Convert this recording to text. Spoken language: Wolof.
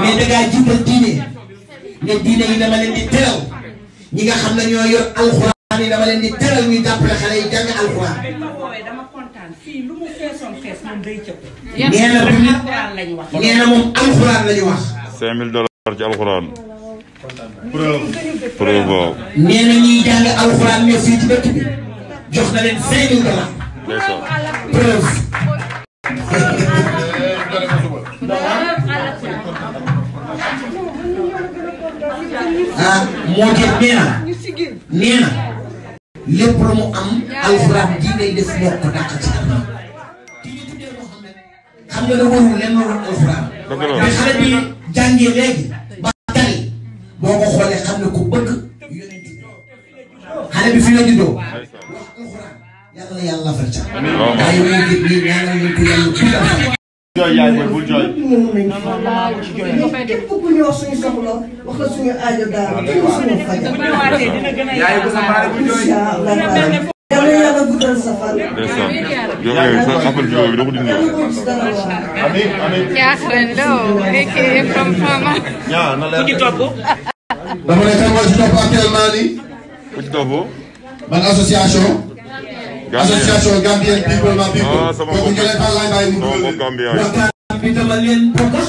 mais da ngaa jiital diine ne diine yi dama leen di teral ñi xam ne ñoo yor alxuraan yi dama leen di teral ñuy jàppale xale yi jàng alxuraan. nee na bu alxuraan la ñu wax. 5000 dollars ci alxuraan. preuve preuve. ah moo tax nee na nee na am alxuraan diinay def moo ko ci am ki xam nga da warul lenn lu alxuraan mais bi jàngee léegi ba tari boo ko xoolee xam ne ku bëgg yonent bi fi la juddoo wax alxuraan yàlla yàlla lafal ca jooy yaay booy bul jooy. képp ku ñëw suñu soxla wax la suñu aajo daal képp suñu faj. yaay bu sa baare bu jooy. yàlla yàlla guddal sa fan. amiin amiin. yaakaar loo nekkee comme fama. ku ci topp. dama ne kan moo ci topp actuellement nii. ku ci topp. man association. association Gambian people ma people. ah sama mbokku Gambian waxtaan